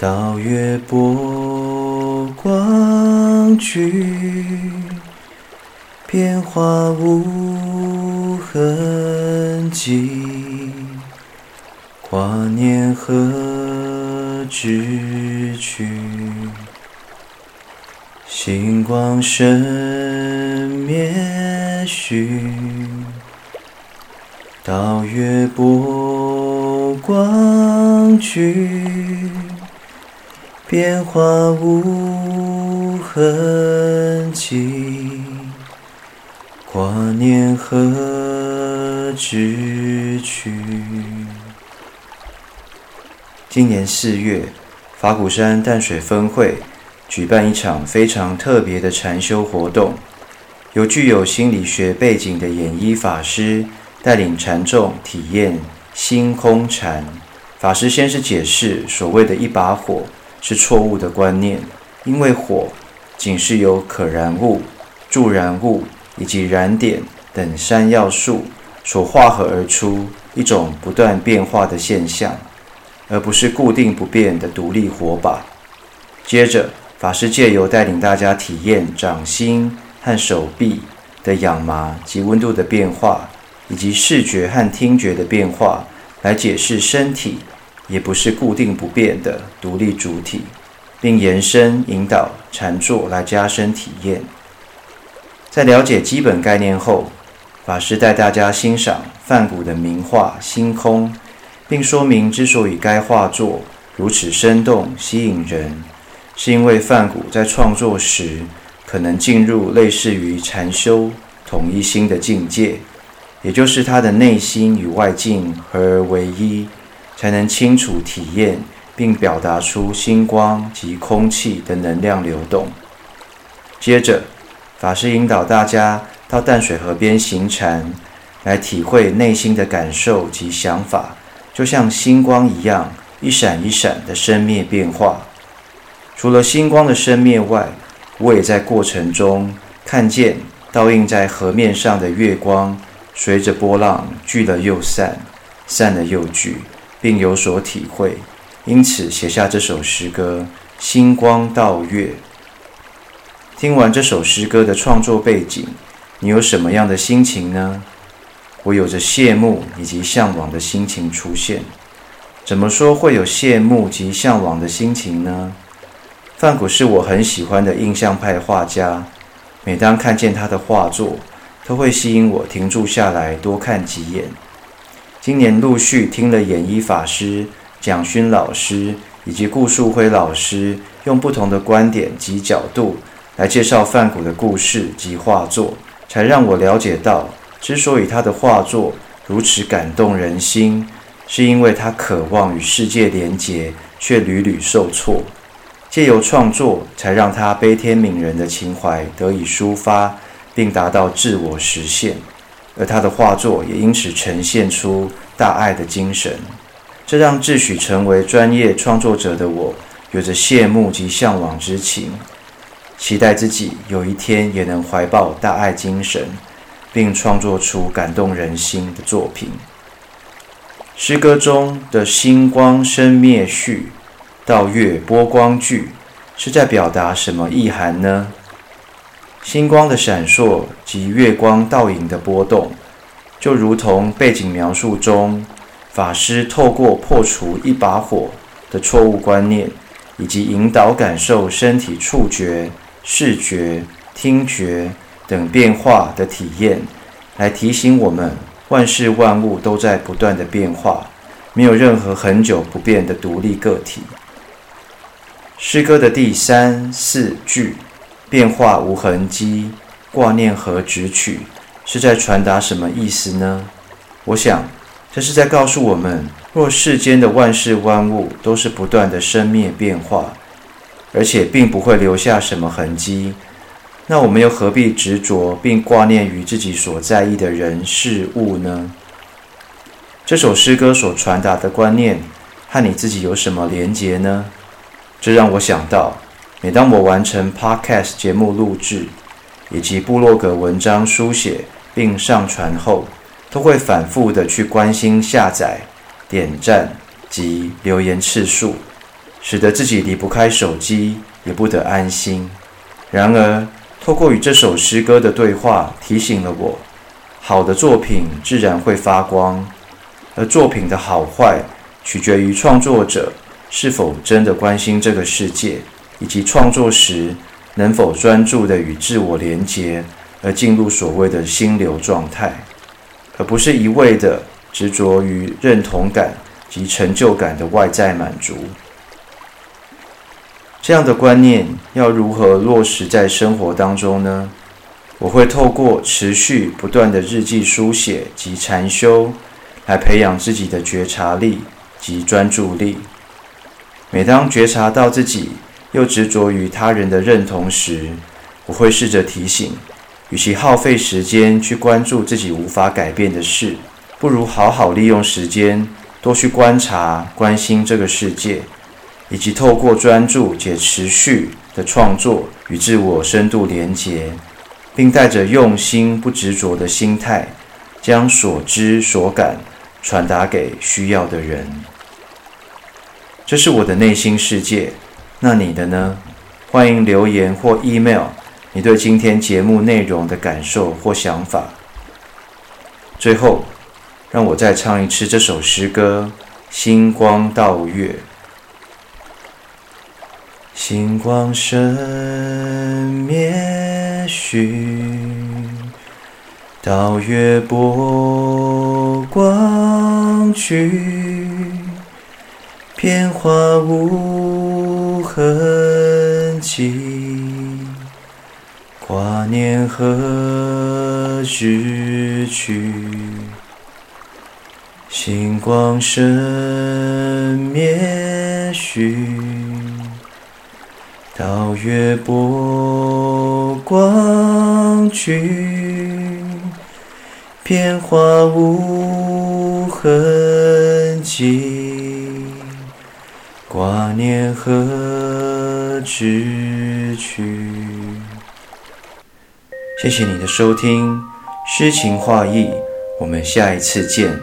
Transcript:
倒月波光去，變化無痕跡。掛念何知去。星光深滅，滅續。倒月波光去。變化無痕跡，掛念何執取。今年四月，法鼓山淡水分會舉辦一場非常特別的禪修活動，由具有心理學背景的演一法師帶領禪眾體驗星空禪。法師先是解釋所謂的一把火，是錯誤的觀念，因為火僅是由可燃物、助燃物以及燃點等三要素所化合而出一種不斷變化的現象，而不是固定不變的獨立火把。接着，法師借由帶領大家體驗掌心和手臂的癢麻及溫度的變化，以及視覺和聽覺的變化，來解釋身體。也不是固定不變的獨立主體，並延伸引導禪坐來加深體驗。在了解基本概念後，法師帶大家欣賞梵谷的名畫《星空》，並說明之所以該畫作如此生動、吸引人，是因為梵谷在創作時可能進入類似於禪修、統一心的境界，也就是他的內心與外境合而為一。才能清楚體驗並表達出星光及空氣的能量流動。接着，法師引導大家到淡水河邊行禪，來體會內心的感受及想法，就像星光一樣，一閃一閃的生滅變化。除了星光的生滅外，我也在過程中看見倒映在河面上的月光，隨着波浪聚了又散，散了又聚。並有所體會，因此寫下這首詩歌《星光倒月》。聽完這首詩歌的創作背景，你有什麼樣的心情呢？我有着羨慕以及向往的心情出現。怎麼說會有羨慕及向往的心情呢？梵谷是我很喜歡的印象派畫家，每當看見他的畫作，都會吸引我停住下來多看幾眼。今年陸續聽了演藝法師、蔣勳老師以及顧樹輝老師，用不同的觀點及角度來介紹梵谷的故事及畫作，才讓我了解到，之所以他的畫作如此感動人心，是因為他渴望與世界連結，卻屢屢受挫，借由創作才讓他悲天憫人的情懷得以抒發，並達到自我實現。而他的畫作也因此呈現出大愛的精神，這讓自詡成為專業創作者的我，有着羨慕及嚮往之情，期待自己有一天也能懷抱大愛精神，並創作出感動人心的作品。詩歌中的“星光生滅續，倒月波光聚”，是在表達什麼意涵呢？星光的閃爍及月光倒影的波動，就如同背景描述中，法師透過破除一把火的錯誤觀念，以及引導感受身體觸覺、視覺、聽覺等變化的體驗，來提醒我們，萬事萬物都在不斷的變化，沒有任何恆久不變的獨立個體。詩歌的第三、四句，變化無痕跡，掛念何執取？是在傳達什麼意思呢？我想，這是在告訴我們：若世間的萬事萬物都是不斷的生滅變化，而且並不會留下什麼痕跡，那我們又何必執着並掛念於自己所在意的人事物呢？這首詩歌所傳達的觀念，和你自己有什麼連結呢？這讓我想到。每當我完成 Podcast 節目錄製以及部落格文章書寫並上傳後，都會反復的去關心下載、點讚及留言次數，使得自己離不開手機，也不得安心。然而，透過與這首詩歌的對話，提醒了我：好的作品自然會發光，而作品的好壞取決於創作者是否真的關心這個世界。以及創作時能否專注地與自我連結，而進入所謂的心流狀態，而不是一味的執着於認同感及成就感的外在滿足。這樣的觀念要如何落實在生活當中呢？我會透過持續不斷的日記書寫及禪修，來培養自己的覺察力及專注力。每當覺察到自己，又執着於他人的認同時，我會試着提醒，與其耗費時間去關注自己無法改變的事，不如好好利用時間，多去觀察、關心這個世界，以及透過專注且持續的創作與自我深度連接，並帶着用心、不執着的心態，將所知所感傳達給需要的人。這是我的內心世界。那你的呢？歡迎留言或 email 你對今天節目內容的感受或想法。最後，讓我再唱一次這首詩歌《星光倒月》。星光生滅續，倒月波光聚，變化無。痕跡，掛念何執取。星光生滅續，倒月波光聚，變化無痕跡。掛念何執取。謝謝你的收聽，詩情畫意，我們下一次見。